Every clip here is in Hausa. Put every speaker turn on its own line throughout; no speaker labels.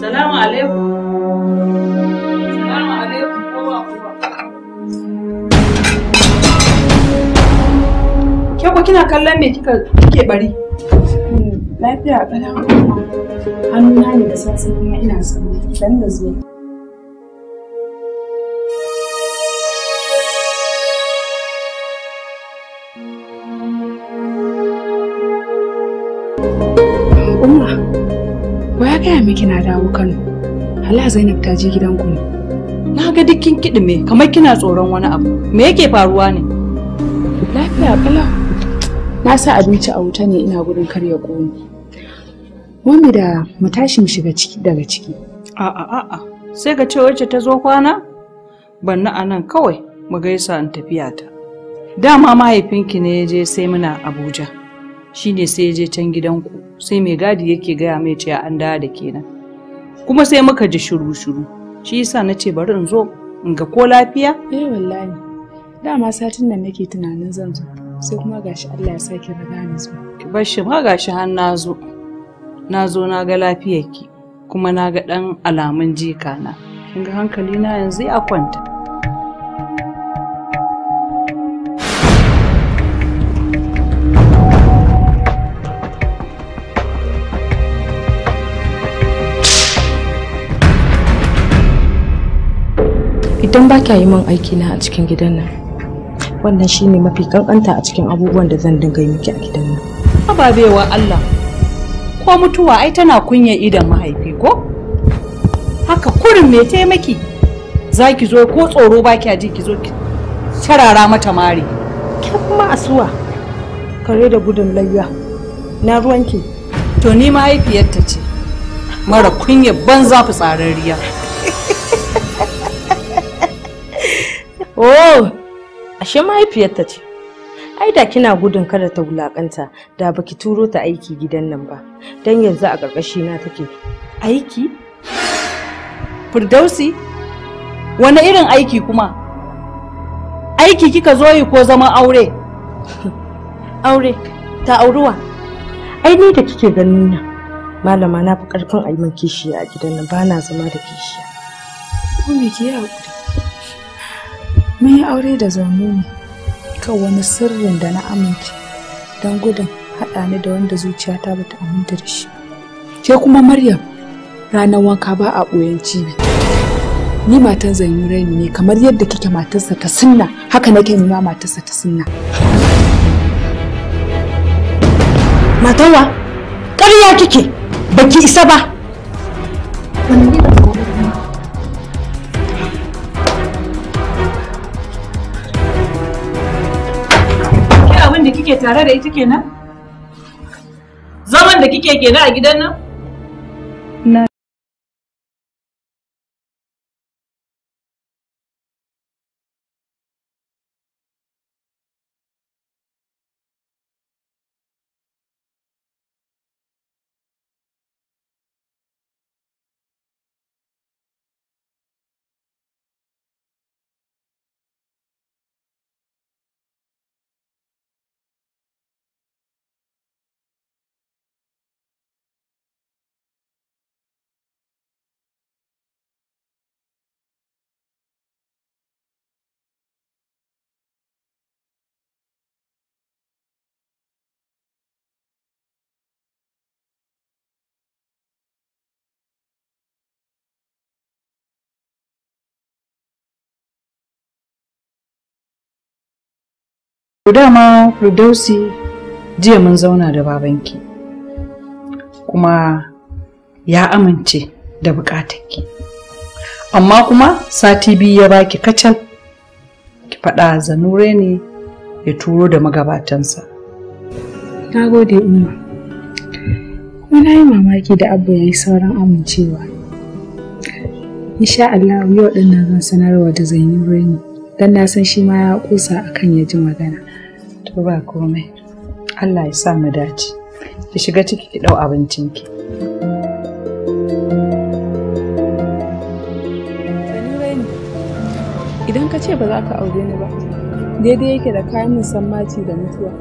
Salamu alaikum. Salamu alaikum kowa kowa. Ke ko kina kallon me kika kike bari? Lafiya Hannu na ne da sassafe ina son dan da zuwa. kina dawo Kano. Hala Zainab ta je gidanku ne. Na ga dukkin me kamar kina tsoron wani abu. Me yake faruwa ne? Lafiya bala. Na sa abinci a wuta ne ina gudun karya ya ƙone. da mu mu shiga ciki daga ciki. A'a a'a sai ga ce wacce ta zo kwana? Banna a nan kawai mu gaisa in tafiya ta. Dama mahaifinki ne ya je sai muna Abuja. Shi ne sai ya je can gidanku. sai mai gadi yake gaya mai cewa an dawo da kenan kuma sai muka ji shiru shiru shi yasa na ce bari in zo in ga ko lafiya eh wallahi dama satin nan nake tunanin zan zo sai kuma gashi Allah ya sake riga ni zo bar shi ma gashi har na zo na zo na ga lafiyarki kuma na ga dan alamun jika na kin ga hankali na yanzu ya kwanta don ba kya yi min aiki
na a cikin gidan nan wannan shine mafi kankanta a cikin abubuwan da zan dinga yi miki a gidan nan
ababewa Allah ko mutuwa ai tana kunya idan mahaifi ko haka kurin me taimaki za ki zo ko tsoro ba kya ji ki zo ki sarara mata mari kin ma asuwa kare da gudun layya na ruwanki to ni mahaifiyarta ce mara kunya ban zafi fitsararriya
oh ashe mahaifiyarta ce ai da kina gudun kada ta wulakanta
da baki turo ta aiki gidan nan ba don yanzu a ƙarƙashi na take aiki firdausi wani irin aiki kuma aiki kika zo yi ko zaman aure aure ta auruwa ai ni da kike ganin nan malama na fi karfin a yi min kishiya
a gidan nan ba na zama da kishiya
ko me ke yi mun yi aure da zaune ne kan wani sirrin da na amince don gudun haɗa ni da wanda zuciyata ba ta aminta da shi ke kuma maryam ranar wanka ba a ɓoyen cibi ni matan zanyi raini ne kamar yadda kike matarsa ta sunna haka nake nima matarsa ta sunna matawa ƙarya kike baki isa ba wani kike tare da ita kenan?
Zaman da kike kenan a gidan nan? To dama Firdausi jiya
mun zauna da babanki kuma ya amince da bukatarki. Amma kuma sati biyu ya baki kacal ki faɗa zanure ne ya turo da magabatansa. Na gode umma. Wani yi mamaki da abu ya yi sauran amincewa. Insha Allah yau ɗin nan zan sanarwa da zanure ne. don na san shi ma ya kusa akan ya ji magana to ba komai Allah ya sa mu dace ki shiga ciki ki dau abincin ki idan ka ce ba za ka aure ni ba daidai yake da kayan musammaci da mutuwa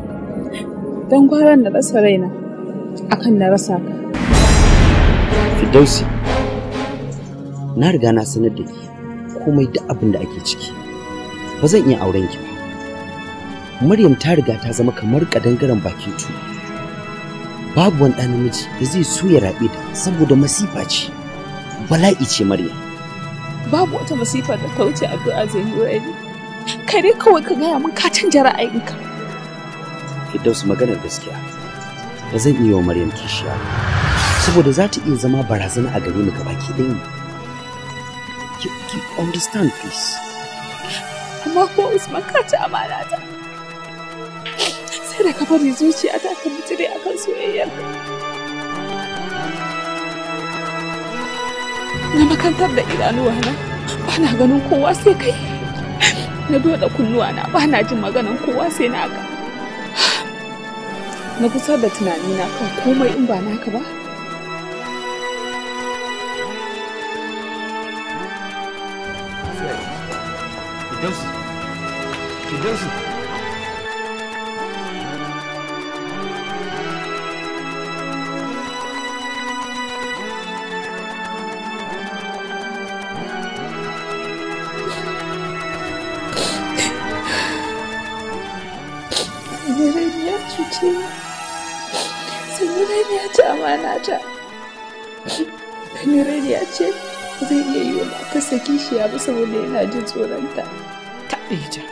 don gwaran na rasa raina akan na rasa ka
Fidausi na riga na sanar da ke komai da abin da ake ciki ba zan iya auren ki ba Maryam ta riga ta zama kamar kadangaren bakin tu
babu wani ɗan namiji da zai so ya raɓe ta saboda masifa ce bala'i ce Maryam
babu wata masifa da ta wuce addu'a zai yi kai dai kawai ka gaya min ka canja ra'ayinka
Firdausu maganar gaskiya ba zan iya wa Maryam kishiya saboda za ta iya zama barazana a gare mu gaba
ki you, ki understand please
amma ko Usman ka ci amana ta. Sai da ka bari zuciya ta ta mutu dai akan soyayyar. Na makantar da idanuwa na ba na ganin kowa sai kai. Na doda kunnuwa na ba na jin maganan kowa sai na ka. Na kusa da tunani na kan komai in ba naka ba. He doesn't. cuce ni sanirariya ce ta ce zai iya yi wa matarsa kishiya ba saboda yana jin tsoronta ta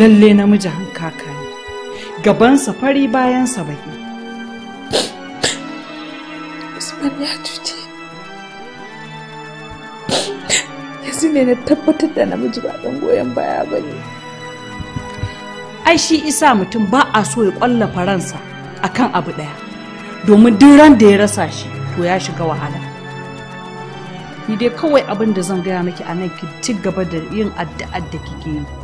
lalle namiji hankaka ne gabansa fari bayansa baki usman ya cuce yanzu ne na tabbatar da namiji ba dan goyon baya ba ne ai shi isa mutum ba a so ya kwalla faransa akan abu daya domin duk ran da ya rasa shi to ya shiga wahala ni dai kawai abin da zan gaya miki a nan ki ci gaba da yin addu'ar da kike yi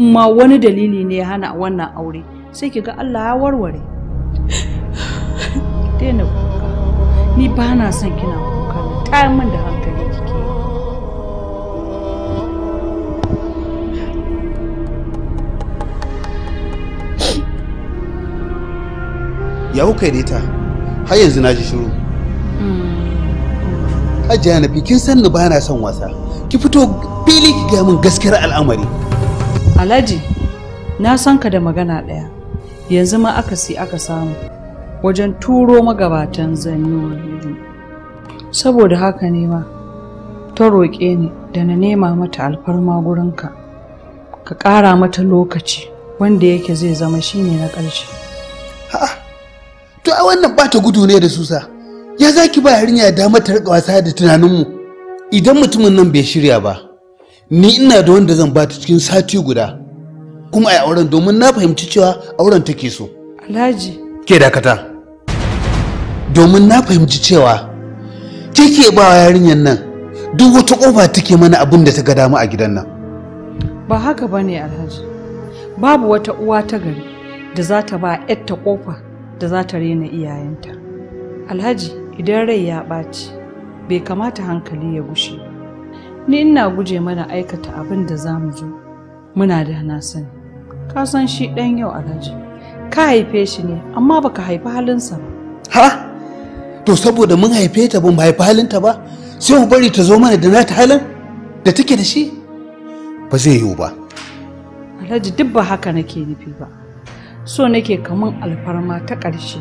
ma wani dalili ne ya hana wannan aure sai ki ga Allah ya warware daina kuka ni ba na son kina kuka na tayar min da hankali kike
ya kuka da ta har yanzu na ji shiru
hmm.
Hajiya na fi kin san ni ba na son wasa ki fito fili ki ga min gaskiyar al'amari
Alhaji, na san ka da magana ɗaya, yanzu ma aka si aka samu wajen turo magabatan zanyo Saboda haka ne ma, ta roƙe ni da na nema mata alfarma gurinka, ka ƙara mata lokaci wanda yake zai zama shi ne na ƙarshe. Ha'a, to a wannan ba ta gudu ne da susa, ya zaki ba yarinya damar
ta wasa da tunaninmu idan mutumin nan bai shirya ba. ni ina da wanda zan bata cikin sati guda kuma a auren domin na fahimci cewa auren take so alhaji ke dakata domin na fahimci cewa take ba yarinyar nan duk wata kofa take mana abin da ta ga dama a gidan nan
ba haka bane alhaji babu wata uwa ta gari da za ta ba yatta ƙofa da za ta rena iyayenta alhaji idan rai ya ɓaci bai kamata hankali ya gushe ba ni ina guje mana aikata abin da za mu zo muna da na sani ka san shi ɗan yau alhaji ka haife shi ne amma baka haifi halinsa ba
ha to saboda mun haife ta ba haifi halinta ba sai mu bari ta zo mana da nata halin da take da shi ba zai yiwu ba
alhaji duk ba haka nake nufi ba so nake kaman alfarma ta ƙarshe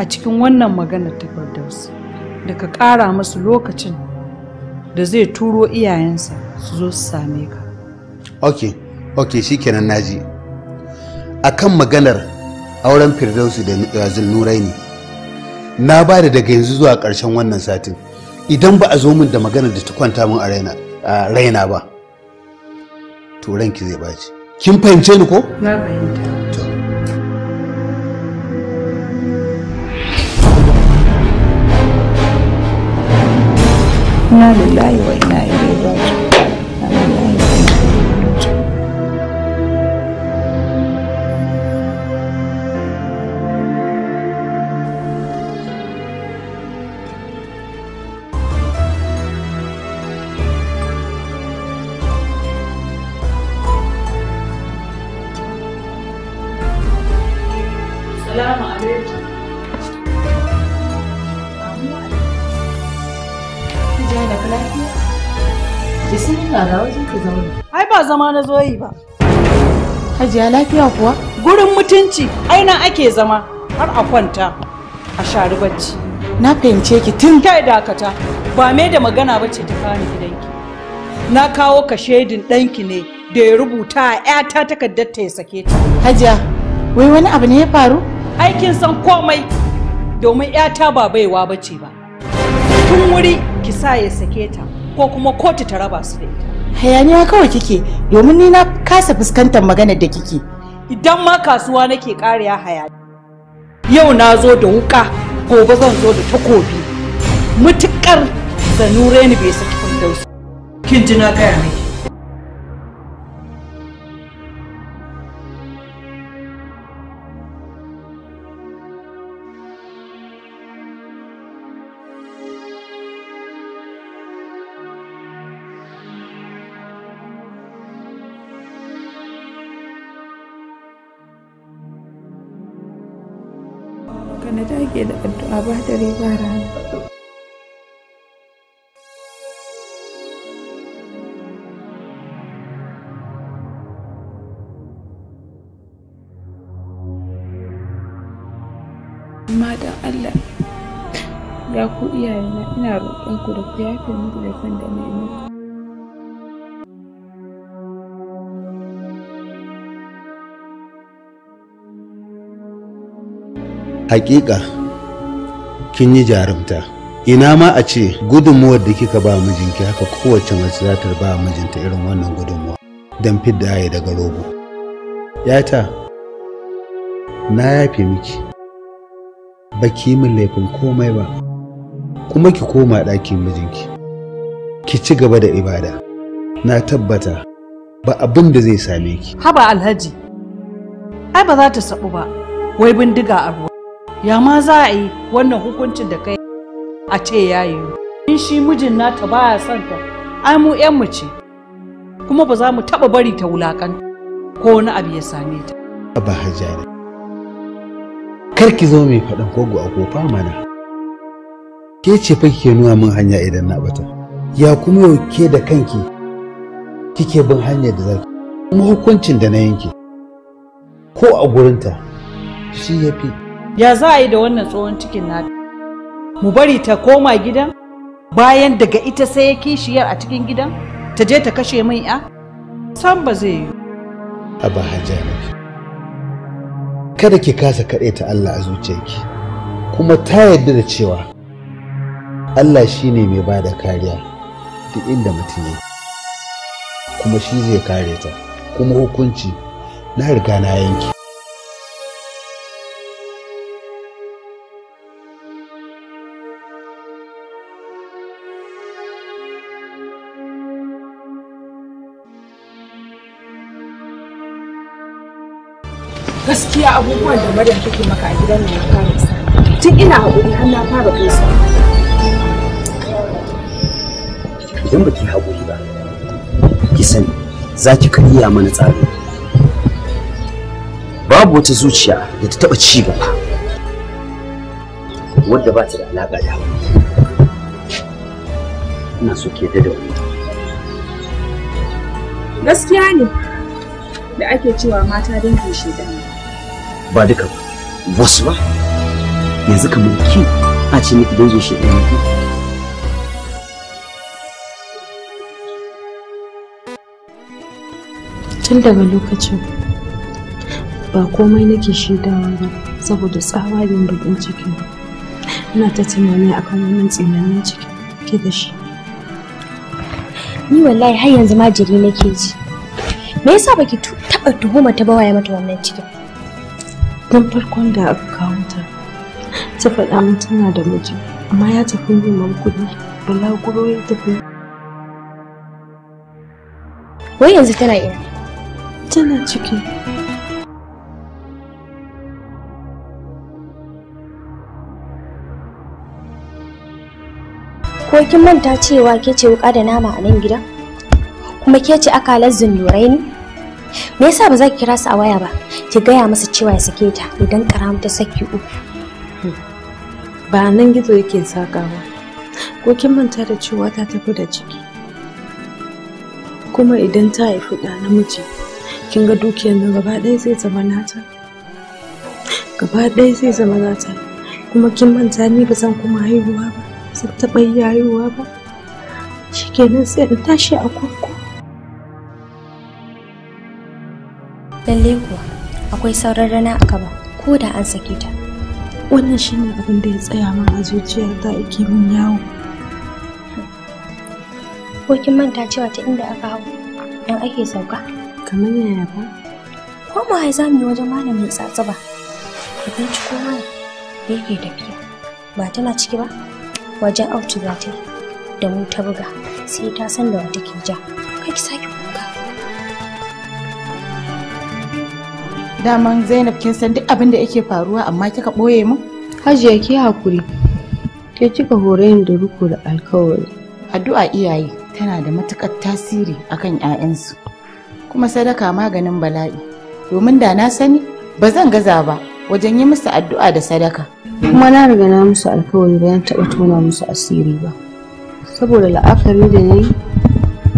a cikin wannan maganar ta da ka ƙara musu lokacin da zai turo iyayensa su zo su same ka
ok ok shi kenan naji a kan maganar auren firdausu da eh, nurai ne na ba da daga yanzu zuwa ƙarshen wannan satin idan ba a zo min da maganar da ta kwanta min a raina ba to zai baci.
kin fahimce ni ko na fahimta
你来过。lafiya? zauna. Ai ba zama na zo yi ba. Hajiya lafiya kuwa? Gurin mutunci aina ake zama har a kwanta a shari bacci. Na fahimce ki tun kai dakata ba me da magana ba ce ta kawo gidanki. Na kawo ka shaidin ɗanki ne da ya rubuta a ‘yata takardar ta ya sake ta. Hajiya, wai wani abu ne ya faru? Aikin san komai domin ‘yata ba baiwa bace ba. tun wuri ki sa ya sake ta ko kuma kotu ta raba su da ita hayaniya kawai kike domin ni na kasa fuskantar maganar da kike idan ma kasuwa nake kariya hayani yau na zo da wuka gobe zan zo da takobi mutukar zanure ni bai saki fundausa kin ji na gaya ne. amma don Allah ya ku iyayena ina
roƙon ku da ku yafe muku da san da mai muku
Hakika kin yi jarumta ina ma a ce gudunmuwar da kika ba mijinki haka kowace mace za ta ba mijinta irin wannan gudunmuwa don fidda ya daga rogo yata na yafe miki ba ki min laifin komai ba kuma ki koma ɗakin mijinki ki ci gaba da ibada na tabbata ba abin da zai same ki
haba alhaji ai ba za ta sabu ba wai bindiga a ruwa ya ma za a yi wannan hukuncin da kai a ce ya yi in shi mijin nata baya son ta ai mu yan mu ce kuma ba za mu taba bari ta wulakan ko wani abu ya same
ta ba hajjara kar ki zo mai faɗin kogo a kofa mana ke ce fa kike nuna min hanya idan na bata ya kuma yau ke da kanki kike bin hanyar da zaki kuma hukuncin da na yanke ko a gurinta shi ya fi
ya za a yi da wannan tsohon cikin nata mu bari ta koma gidan bayan daga ita sai ya kishiyar a cikin gidan ta je ta kashe min ya san ba zai yi
a ba kada ki kasa kaɗe ta Allah a zuciyarki kuma ta yarda da cewa Allah shi ne mai bada kariya duk inda mutum ya kuma shi zai kare ta kuma hukunci na riga na yanki
gaskiya abubuwan da madan take maka a gidan nan fara tun ina haƙuri har na fara gaisa
idan baki haƙuri ba ki sani za
ki karya mana tsari babu wata zuciya da ta taɓa ci gaba wadda ba ta da alaƙa da ina so ke da wani
gaskiya ne da ake cewa mata dangin shaidan
ba duka ba wasu ba yanzu kamar ki a ce miki don zo shi ɗaya
tun daga lokacin ba komai nake shaidawa ba saboda tsawa yin bugun ciki ina ta tunani akan wannan tsinanin ciki ke da shi ni wallahi har yanzu majiri nake ji me yasa baki taba tuhuma ta bawaye mata wannan cikin
tun farkon da aka kawo ta ta faɗa min tana da miji amma ya tafi neman kuɗi
balaguro ya tafi wai yanzu tana ina tana ciki ko kin manta cewa ke ce wuka da nama a nan gidan kuma ke ce akalar zindurai ne me yasa ba za ki kira su a waya ba ki gaya masa cewa ya sake ta idan karamu ta saki uku hmm. ba nan gizo yake saka ba ko kin manta da cewa ta tafi da ciki kuma idan ta haifi ɗa namiji kin ga dukiyar nan gaba ɗaya zai zama nata gaba ɗaya zai zama nata kuma kin manta ni ba zan kuma haihuwa ba zan taɓa haihuwa ba shikenan sai in tashi a kurkuku lalle kuwa akwai sauran rana a gaba ko da an sake ta wannan shine abin da ya tsaya min a zuciyata ake min yawo ko kin manta cewa ta inda aka hau 'yan ake sauka
kamar yana ba
ko mu hai zamu yi wajen malamin tsatsuba idan ci ko mana da yake tafiya ba tana ciki ba wajen autu ba ta da mu ta buga sai ta san da wata ke ja kai ki sake kuka
daman zainab kin san duk abin da yake faruwa amma kika ɓoye mu hajiya ki hakuri ke kika hore da riko da alkawari addu'a iyaye tana da matukar tasiri akan 'ya'yansu kuma sadaka maganin bala'i domin da na sani ba zan gaza ba wajen yi musu addu'a da sadaka kuma na riga na musu alkawari bayan taɓa tona musu asiri ba saboda la'akari da na yi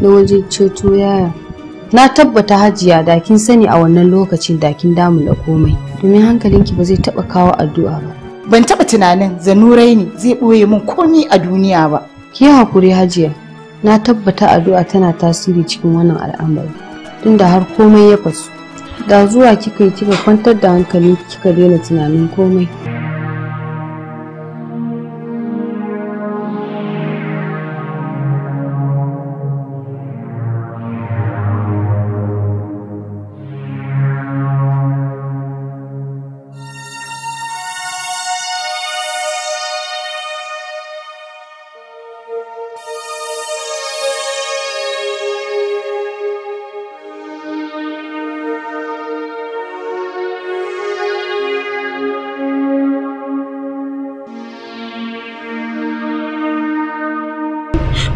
na wajen ceto yaya na tabbata hajiya da kin sani a wannan lokacin da kin damu da komai domin hankalinki ba zai taba kawo addu'a ba ban taba tunanin zanurai ne zai boye mun komai a duniya ba ki hakuri hajiya na tabbata addu'a tana tasiri cikin wannan al'amari tunda har komai ya fasu da zuwa kika yi kika kwantar da hankali kika daina tunanin komai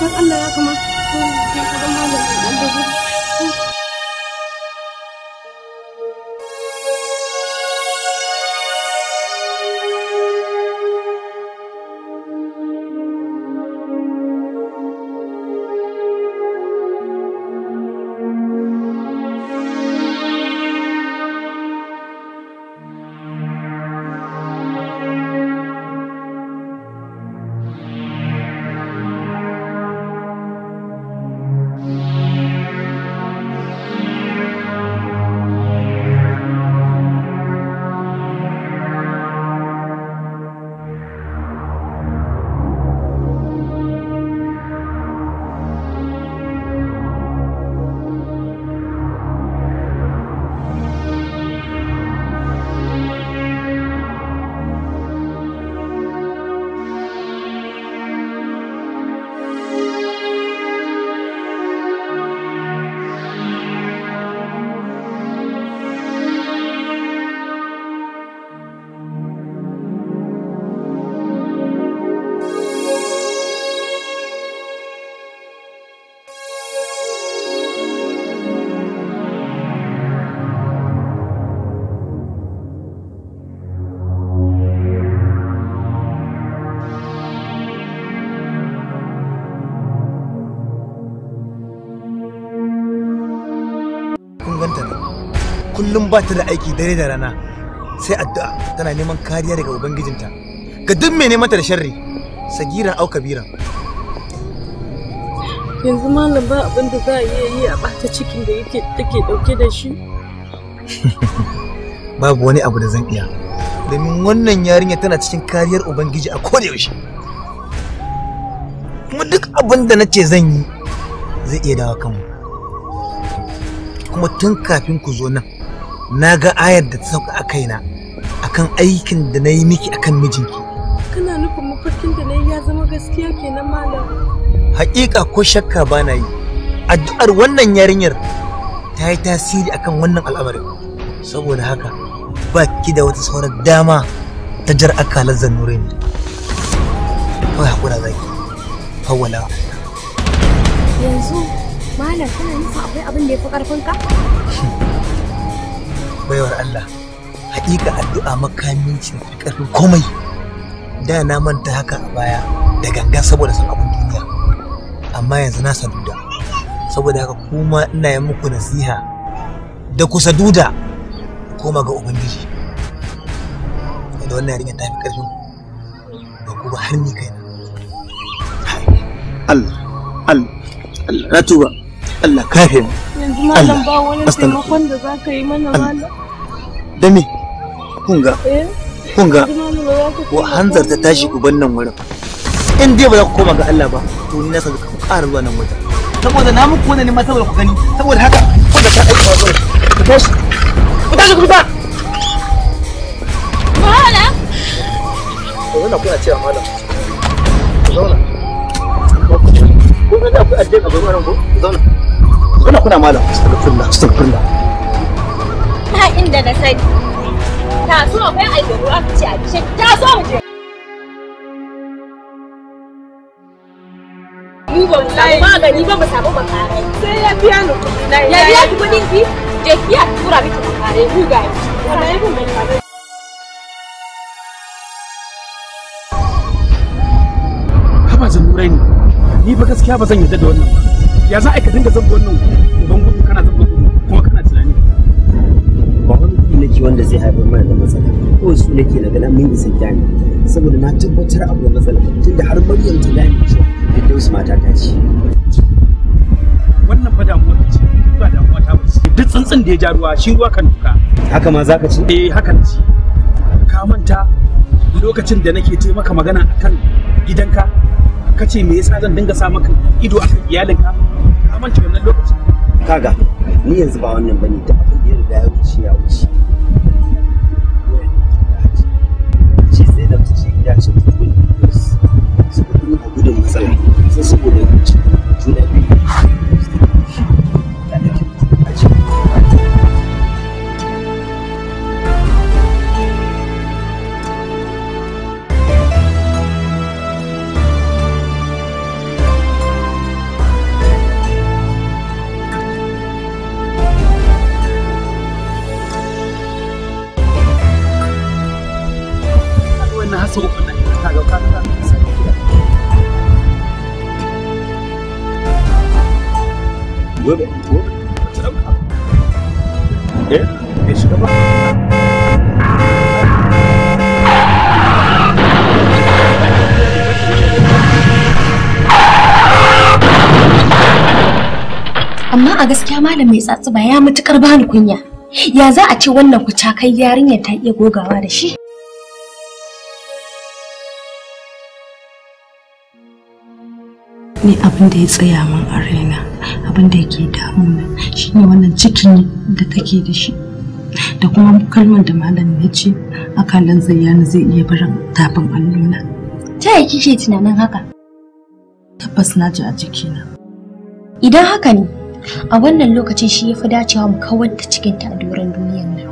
dan Allah ya kamata ko ya kaga malamin dan dubu
kullum ba ta da aiki dare da rana sai addu'a tana neman kariya daga ubangijinta ga duk mai neman ta da sharri sagiran au kabiran
yanzu malam ba abin da za a iya yi a bata cikin da yake take dauke da shi
babu wani abu da zan iya domin wannan yarinya tana cikin kariyar ubangiji a kodayaushe kuma duk abin da na ce zan yi zai iya dawo kanmu kuma tun kafin ku zo nan na ga ayar da ta sauka a kaina akan aikin da na yi miki akan mijinki
kana nufin mafarkin da na yi ya zama gaskiya kenan malam
haƙiƙa ko shakka ba na yi addu'ar wannan yarinyar ta yi tasiri akan wannan al'amarin saboda haka ba ki da wata sauran dama ta jar akalar nure ne kawai haƙura zaki hawala
yanzu malam kana nufin akwai abin da ya fi ƙarfinka
baiwar Allah hakika addu'a makamin ce karfin komai da na manta haka a baya da gangan saboda son abin duniya amma yanzu na saduda saboda haka kuma ina yi muku nasiha da ku saduda koma ga ubangiji da wannan yarinya ta fi karfin da kuma har ni kai Allah
Allah Allah na tuba Allah kafin
yanzu malam ba wani taimakon
da za ka yi mana malam
da kunga
kunga eh? wa hanzar ta
tashi ku nan wurin in dai ba za ku koma ga Allah ba to ni na san ku ƙara zuwa nan wurin saboda na muku wannan ma saboda ku gani saboda haka ko da ta aiki
aika zuwa ku tashi ku tashi ku ba
mahala
to wannan kuna cewa malam ku zauna ku ga ku zauna kuna kuna malam astagfirullah astagfirullah
ba inda na sani ta so akwai aibu aka ce a ce
ta so mu je mu ba mu samu magani ba mu ba makarai sai ya biya ni kuɗi na ya biya ki kuɗin ki je ki ya tura miki makarai ku ga ki wannan yayin mai makarai
haba zanurai ni ba
gaskiya ba zan yarda da wannan ba ya za a ka dinga zamba wannan uban gudu kana zamba gudu kuma kana tunani ba wani na nake wanda zai haifar mana da matsala ko su ke daga nan mun isa
gani saboda na tabbatar abu da matsala tunda har Maryam ta gane cewa yadda wasu mata ta
ce wannan fa damuwa ce ba damuwa ta bace duk tsantsan da ya ja ruwa shi ruwa kan duka haka ma za ka ci eh hakan ci ka manta lokacin da nake ce maka magana akan gidanka ka ce me yasa zan dinga sa maka ido akan iyalinka mance wannan lokaci
kaga ni yanzu ba wannan bane ta abin da ya riga ya wuce ya wuce
ce sai da ta ce gida ce ta gudu saboda ina gudun matsala sai saboda juna biyu da nake a cikin
amma a gaskiya malam mai tsatsuba ya matukar bani kunya ya za a ce wannan kucakai yarinyar ta iya gogawa da shi ne abin da ya tsaya min a raina abin da yake damuna shine wannan cikin da take da shi da kuma kalmar da malam ya ce akalan zayyana zai iya
barin tafin alluna
ta yi kishe tunanin haka tabbas na ji a jikina idan haka ne a wannan lokacin shi ya fi dacewa mu kawar da cikinta a doron duniyar nan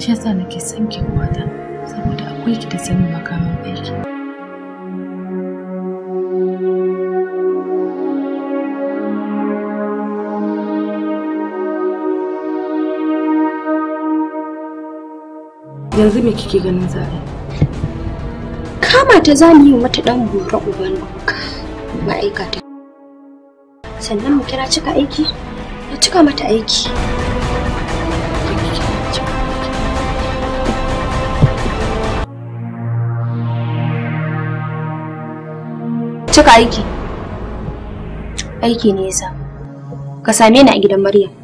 shi yasa nake son kwata saboda akwai ki da sanin makamin aiki
yanzu me kike ganin za
kama ta za mu yi mata dan buran uban ma'aikata sannan mu kira cika aiki na cika mata aiki cika aiki aiki ne yasa ka same ni a gidan maryam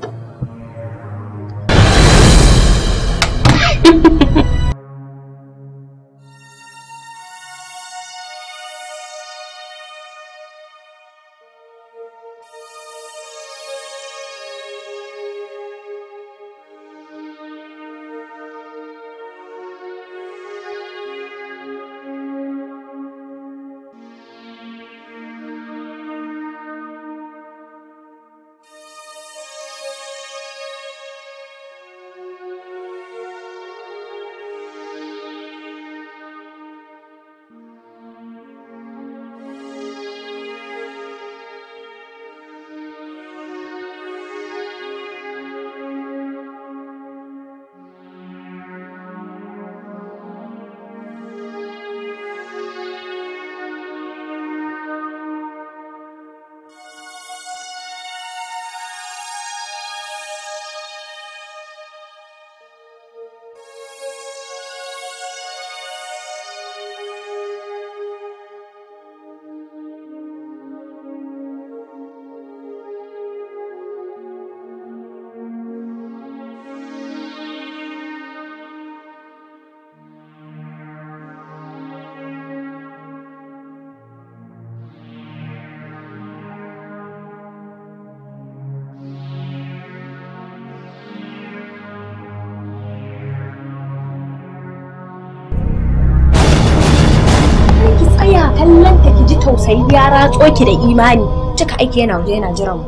tausayi ya ratso ki da imani cika aiki yana waje yana jiran mu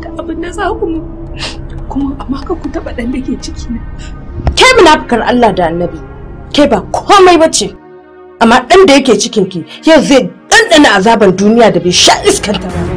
da abin da za ku mu kuma amma ka ku taba dan dake ciki na
ke munafikar Allah da Annabi ke ba komai bace amma dan da yake cikin ki yau zai dandana azaban duniya da bai sha iskanta ba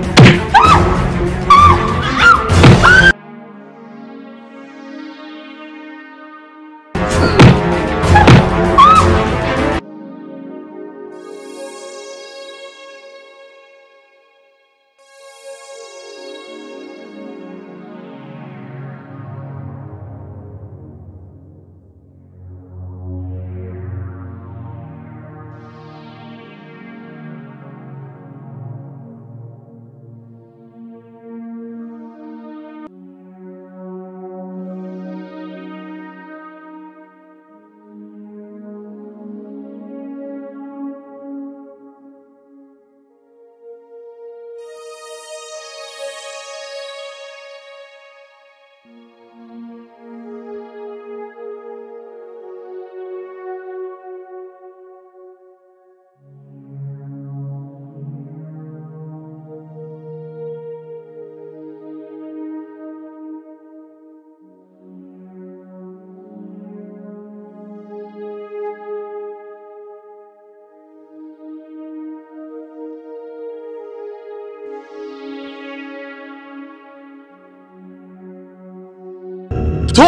to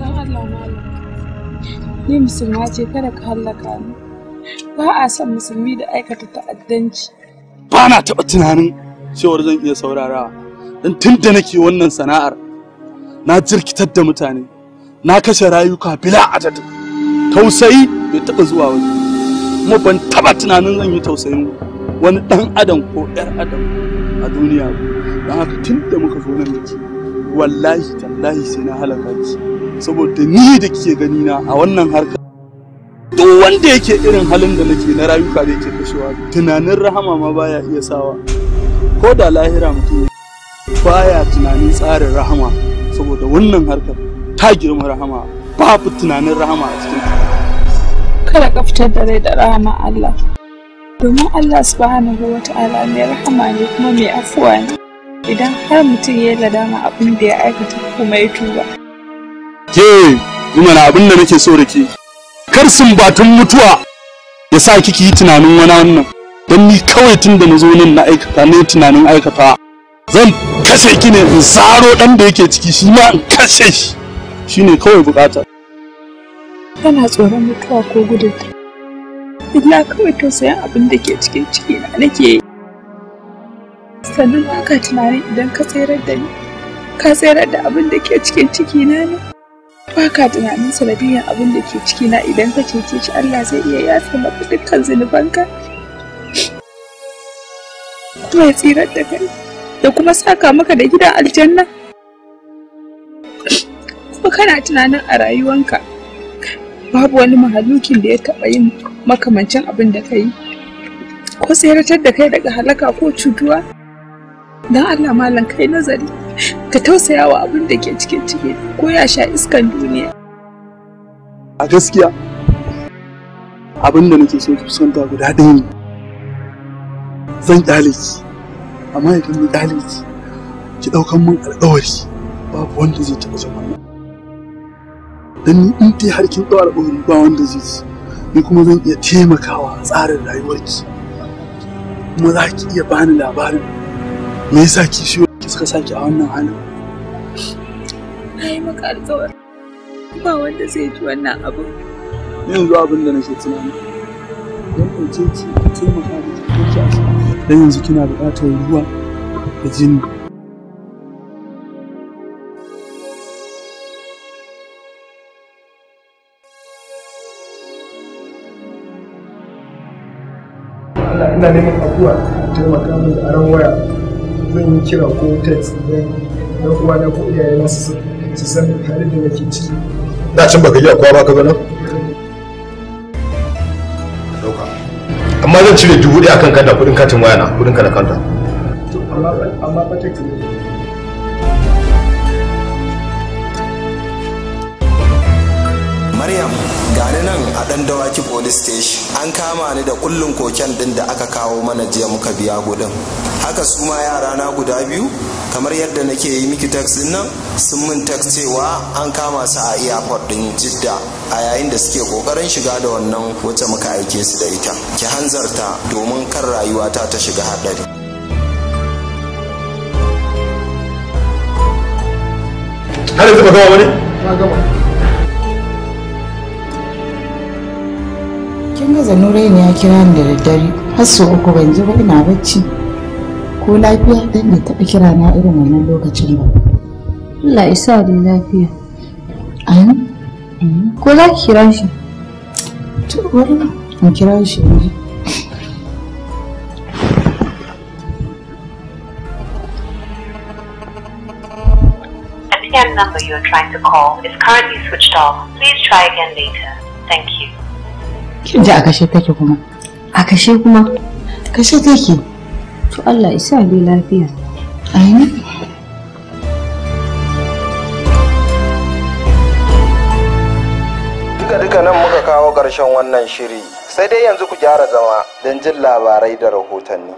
dan Allah malam ni musulma ce kada ka hallaka ni ba a son musulmi da aikata ta'addanci
ba na taɓa tunanin cewar zan iya saurarawa don tun da nake wannan sana'ar na jirkitar da mutane na kashe rayuka bila adad tausayi bai taɓa zuwa wani kuma ban taɓa tunanin zan yi tausayin wani ɗan adam ko 'yar adam a duniya don haka tun da muka zo nan da wallahi tallahi sai na halaka ki saboda ni da kike gani na a wannan harka duk wanda yake irin halin da nake na rayuka da yake kashewa tunanin rahama ma baya iya sawa ko da lahira mutum baya tunanin tsarin rahama saboda wannan harkar ta girma rahama babu tunanin rahama a cikin
kada ka fitar da rai da rahama Allah domin Allah subhanahu wa ta'ala mai rahama ne kuma mai afuwa ne idan har mutum ya ladama abin da ya aikata kuma ya tuba.
Ke, mana abin da nake so da ke, kar batun mutuwa ya sa kiki yi tunanin wani wannan, don ni kawai tun da na zo nan na aikata ne tunanin aikata. Zan kashe ki ne in saro ɗan da yake ciki shi ma in kashe shi, shi ne kawai bukata.
Kana tsoron mutuwa ko gudun Ina kawai tausayin abin da ke cikin ciki na nake yi. sannan ba ka tunanin idan ka tsayar da ni ka tsayar da abin da ke cikin cikina ne ba ka tunanin sanadiyyar abin da ke cikina idan ka cece shi Allah zai iya yasa maka dukkan zunubanka kuma ya tsirar da kai da kuma saka maka da gidan aljanna kuma kana tunanin a rayuwanka babu wani mahalukin da ya taɓa yin makamancin abin da ka yi ko tseratar da kai daga halaka ko cutuwa don Allah malam kai nazari ka tausaya wa abin da ke cikin ciki ko ya sha iskan duniya
a gaskiya abin da nake so ki santa guda ɗaya ne zan ƙyale amma idan na ƙyale ki ɗaukan mun alƙawari babu wanda zai taɓa zama nan. dan ni in dai har kin ɗau alƙawari ba wanda zai ci ni kuma zan iya taimakawa tsarin rayuwarki kuma za ki iya bani labarin me yasa kishiyo ki suka saki a wannan halin
na yi maka alkawari ba wanda zai ji wannan
abu yanzu abin da nake tunani don ɗauke ki ki taimaka da ki a don yanzu kina buƙatar ruwa da jini ina neman abuwa taimaka min da aron waya zan yi kira ko text zan na kuma da ko yayin su su san halin da nake ciki
da can baka iya kowa ba ka zo nan amma zan cire dubu ɗaya akan kanta kuɗin katin waya na kuɗin ka na kanta
amma ba ta kiri
maryam gani nan a ɗan dawaki police station an kama ni da kullun koken ɗin da aka kawo mana jiya muka biya gudun haka su ma yara na guda biyu kamar yadda nake yi miki tax dinnan nan sun min tax cewa an kama su a airport din jidda a yayin da suke kokarin shiga da wannan wacce muka aike su da ita ki hanzarta domin kan rayuwata ta shiga haɗari
har yanzu ba gama wani. ne? gama
kin ga zanurai ne ya kira ni da daddare har sau uku ban ji ba ina bacci ko lafiya dan bai taɓa kira na irin wannan lokacin ba Allah ya sa ni lafiya yi? ko za ki kira shi to wani in kira shi yanzu
number you are trying to call is currently switched off. Please try again later. Thank you.
Kin ji a kashe take kuma. A kashe kuma?
Kashe take. To Allah isa dai lafiya. Amin.
Duka-duka nan muka kawo ƙarshen wannan shiri sai dai yanzu ku gyara zama don jin labarai da rahotanni.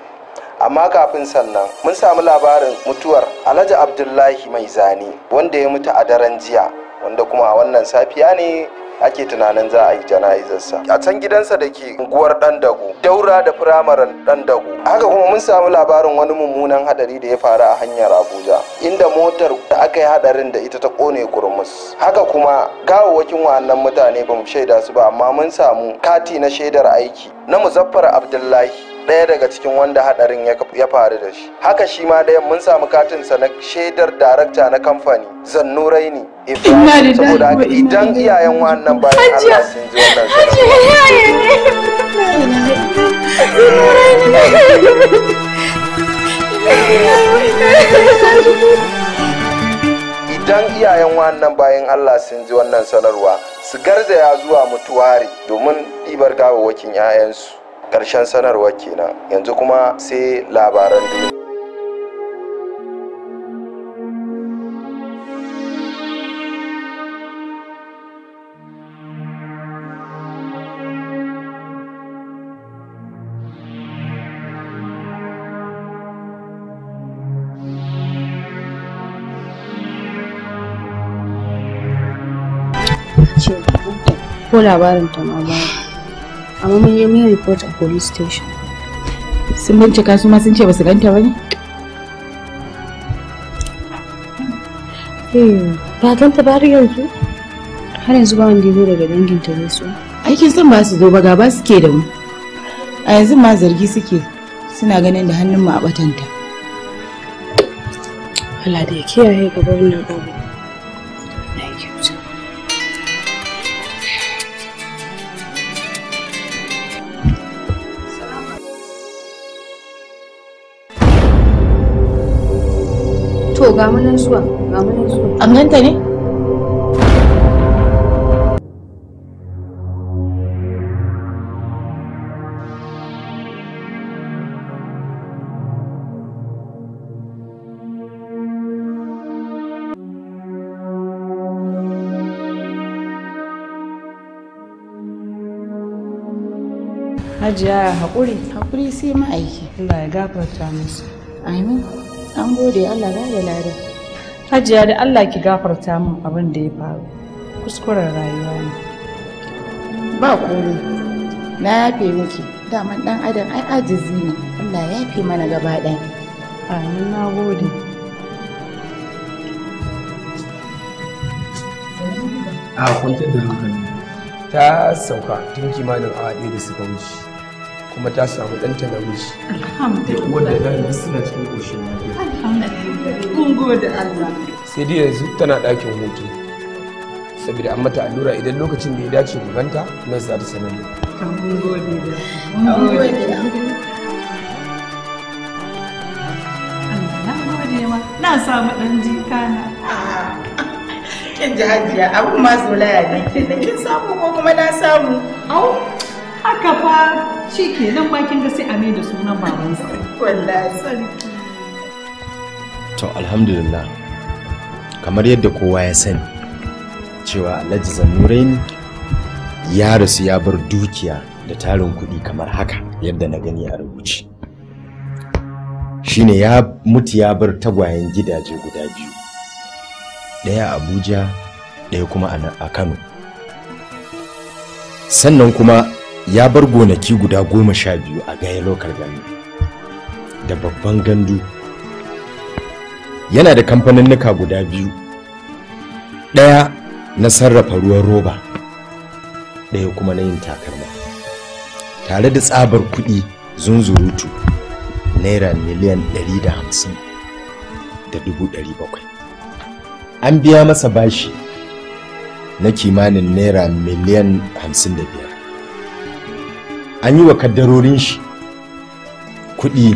Amma kafin sannan mun samu labarin mutuwar Alhaji Abdullahi Mai Zani wanda ya mutu a daren jiya wanda kuma a wannan safiya ne ake tunanin za a yi jana'izarsa a can gidansa da ke unguwar dan daura da firamaren dan haka kuma mun samu labarin wani mummunan hadari da ya faru a hanyar abuja inda motar da aka yi hadarin da ita ta kone kurmus haka kuma gawawwakin wa'annan mutane ba mu shaida su ba amma mun samu kati na shaidar aiki na muzaffar abdullahi ɗaya daga cikin wanda hadarin ya faru da shi haka shi ma ɗayan mun samu katinsa na shaidar darakta na kamfani zannuraini ibrahim saboda idan iyayen wannan bayan allah sun ji
wannan
idan iyayen wannan bayan allah sun ji wannan sanarwa su garzaya zuwa mutuwari domin ɗibar gawawwakin 'ya'yansu ƙarshen sanarwa kenan yanzu kuma sai labaran duniya
ko labarin ta amma mun mun yi report a police station sun bincika su ma sun ce ba su ganta ba ne hmm. Hmm. ba ganta ba har yanzu har yanzu ba wanda ya zo daga dangin ta ne su aikin san ba su zo ba gaba suke da mu a yanzu ma zargi suke suna ganin da hannun mu a batanta Allah da ya kiyaye gaba wannan abu ga zuwa ga ne Hajiya haƙuri. Haƙuri sai ma'aiki. Allah ya gafarta musu. Amin. an gode Allah ba da lada hajiya da Allah ki gafarta min abin da ya faru kuskuren rayuwa ne ba kore, na yafe miki daman dan adam ai ajizi ne Allah ya yafe mana gaba ɗaya amin na gode
a kwantar da hankali
ta sauka tun kimanin awa ɗaya da suka wuce kuma ta samu ɗanta namiji.
Alhamdulillah. Wanda gani
suna cikin ƙoshin lafiya.
Alhamdulillah. Kun gode Allah.
Sai dai yanzu tana ɗakin hutu. Saboda an mata allura idan lokacin da ya dace ku ganta nan za ta sanar.
Kun gode da. Kun gode da. Na gode Na samu ɗan jika na. Kin ji hajiya abin masu laya ne kin samu ko kuma na samu. Au haka fa shi ke nan bakin sai a mai da sunan babansa wallahi sarki
to alhamdulillah kamar yadda kowa ya sani cewa alhaji zanurain ya rasu ya bar dukiya da tarin kuɗi kamar haka yadda na gani a rubuce shine ya mutu ya bar tagwayen gidaje guda biyu ɗaya abuja ɗaya kuma a kano sannan kuma ya bar gonaki guda goma sha biyu a gaya lokar gani da babban gandu yana da kamfanin kamfaninnika guda biyu ɗaya na sarrafa ruwan roba ɗaya kuma na yin takarma tare da tsabar kuɗi zunzurutu naira miliyan 150 da 700 an biya masa bashi na kimanin naira miliyan 55 an yi wa kaddarorin shi kuɗi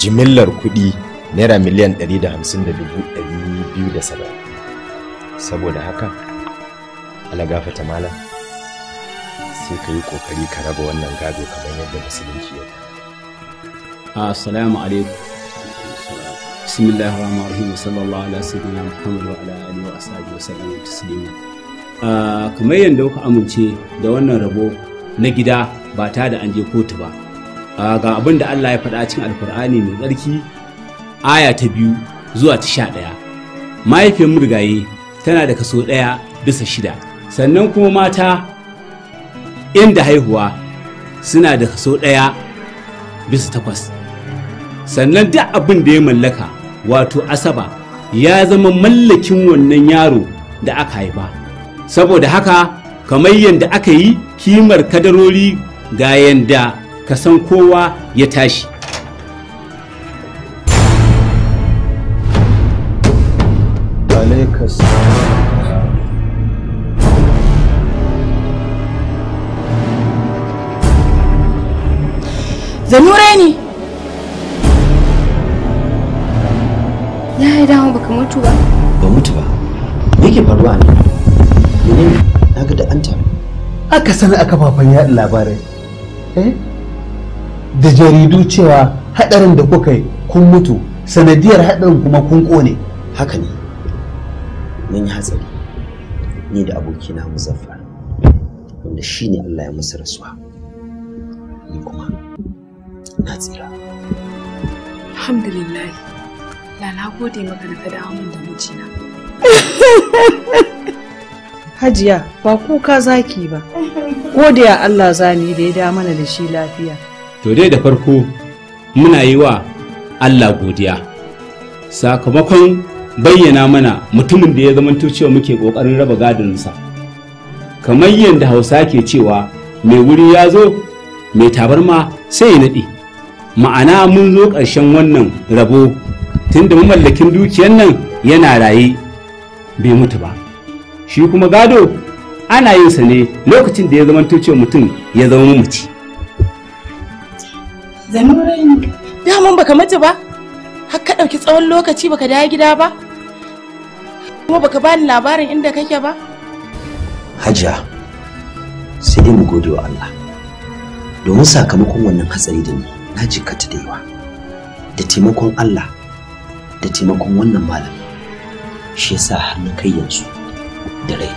jimillar kuɗi naira miliyan 150,270 saboda haka ala gafata malam sai ka yi ƙoƙari ka raba wannan gado kamar yadda musulunci ya
assalamu alaikum bismillah rahman rahim sallallahu ala sayyidina muhammad wa ala alihi wa ashabihi wa sallam taslima kamar yadda kuka amince da wannan rabo na gida ba ta da an je kotu ba ga abin da Allah ya faɗa cikin alkur'ani mai tsarki aya ta biyu zuwa ta sha ɗaya mahaifiyar murgaye tana da kaso ɗaya bisa shida sannan kuma mata inda haihuwa suna da kaso ɗaya bisa takwas sannan duk abin da ya mallaka wato asaba ya zama mallakin wannan yaro da aka haifa saboda haka kamar yadda aka yi kimar kadarori ga yanda ka san kowa ya tashi
zanure ne
ya yi dama baka mutu ba
ba mutu ba yake faruwa ne na gada an tafi aka sani aka fafan yaɗin labarai Eh? da jaridu cewa hadarin da kuka yi kun mutu sanadiyar hadarin kuma kun kone haka ne
mun yi hatsari ni da abokina muzaffar wanda shi ne Allah ya musu rasuwa
ni kuma na tsira
alhamdulillah la na gode maka da fada dawo da mijina hajiya ba kuka zaki ba godiya Allah za mu yi da ya da mana da shi lafiya
to dai da farko muna yi wa Allah godiya sakamakon bayyana mana mutumin da ya zamanto cewa muke ƙoƙarin raba gadinsa kamar yadda hausa ke cewa mai wuri ya zo mai tabarma sai ya naɗe ma'ana mun zo ƙarshen wannan rabo tunda mamallakin dukiyar nan yana raye bai mutu ba shi kuma gado ana yin sa ne lokacin da ya zama cewa mutum ya zama mamaci.
Zanurin daman baka mace ba har ka ɗauki tsawon lokaci baka dawo gida ba kuma baka bani labarin inda kake ba.
Hajiya
sai dai mu gode wa Allah domin sakamakon wannan hatsari da ni na jikata da yawa da taimakon Allah da taimakon wannan malam shi yasa har na kai yanzu da rai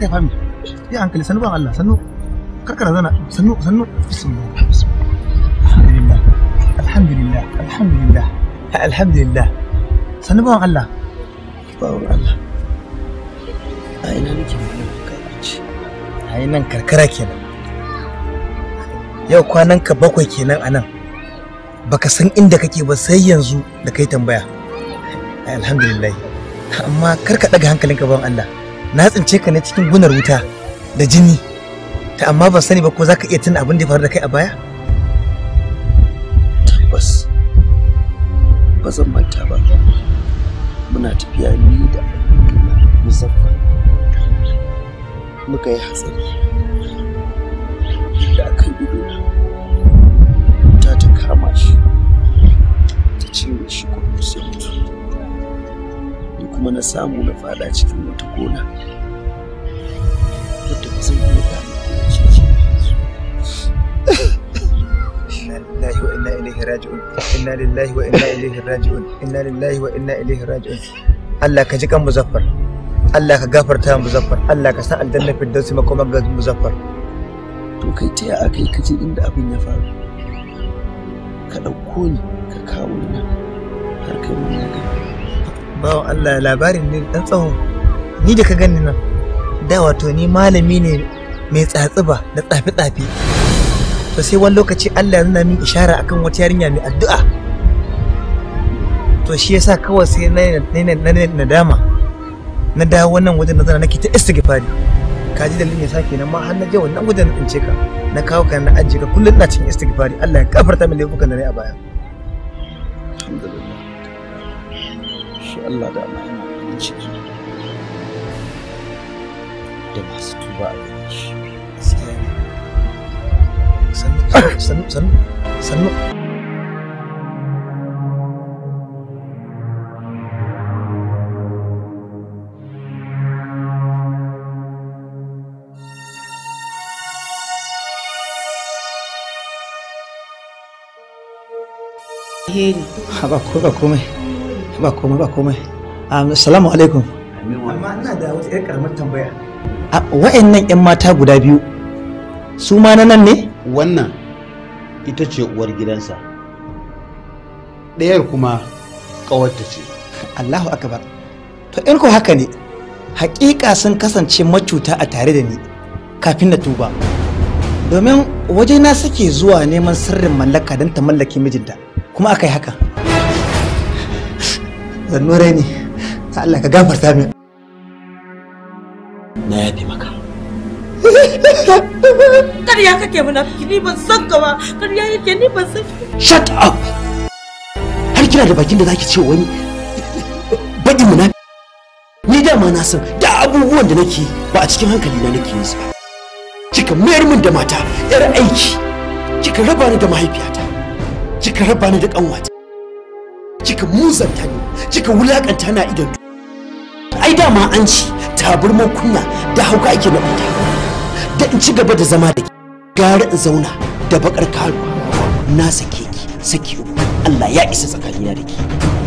kai fami ya hankali sannu ban Allah sannu karkara zana sannu sannu bismillah alhamdulillah alhamdulillah alhamdulillah sannu ban Allah bawon Allah ai nan ki magana ka kuce a nan karkara kenan yau kwanan ka bakwai kenan anan baka san inda kake ba sai yanzu da kai tambaya alhamdulillah amma karka daga hankalinka ban Allah na tsince ka ne cikin gunar wuta da jini ta amma ban sani ba ko za ka iya tuna abin da ya faru da kai a baya
tabbas ba zan manta ba muna tafiya ni da musamman. muka yi hatsari
da aka yi ido ta ta kama shi ta cinye shi kuma sai mutu ni kuma
na samu na fada cikin wata gona inna lillahi wa inna ilaihi raji'un inna lillahi wa inna ilaihi raji'un Allah ka ji kan Muzaffar Allah ka gafarta Muzaffar Allah ka san aljanna ma kuma ga Muzaffar to kai ta ya akai ka ji inda abin ya faru ka ɗauko ni ka kawo ni har kai mun ya gani bawan Allah labarin ne dan tsawo ni da ka gani nan da wato ni malami ne mai tsatsuba da tsafi-tsafi. to sai wani lokaci Allah ya nuna min ishara akan wata yarinya mai addu'a to shi yasa kawai sai na nadama na dawo wannan wajen na zana nake ta istighfari ka ji dalilin yasa kenan ma har na je wannan wajen na tsince ka na kawo ka na ajiye ka kullum ina cikin istighfari Allah ya kafarta min laifukan da na yi a baya alhamdulillah Allah da Allah yana aminci
da masu tuba a sannu
sannu sannu sannu ba ko ba komai ba komai ba komai assalamu alaikum amma ina da wata yar karamar tambaya
wa'annan yan mata guda biyu su ma na nan ne wannan ita ce uwar gidansa ɗayar kuma ƙawarta ce allahu akbar
to in ko haka ne haƙiƙa sun kasance macuta a tare da ni kafin na tuba domin wajena suke zuwa neman sirrin mallaka don ta mallake mijinta kuma aka yi haka zannurai ne ta Allah ka gafarta min
na yadda maka
Karya kake ni ban san yake ni ban san. Shut up.
Har kina da bakin da zaki ce wani baƙin munafiki. Ni dama na san da abubuwan da nake ba a cikin hankali na nake yin su ba. Kika mayar min da mata 'yar aiki. Kika raba ni da mahaifiyata. Kika raba ni da ƙanwata. Kika musanta ni, kika wulakanta na idan. Ai dama an ci taburman kunya da hauka ake na fita. ta in ci
gaba da zama da ke gara in zauna da bakar karuwa na sake ki sake uku Allah ya isa tsakanina da ke.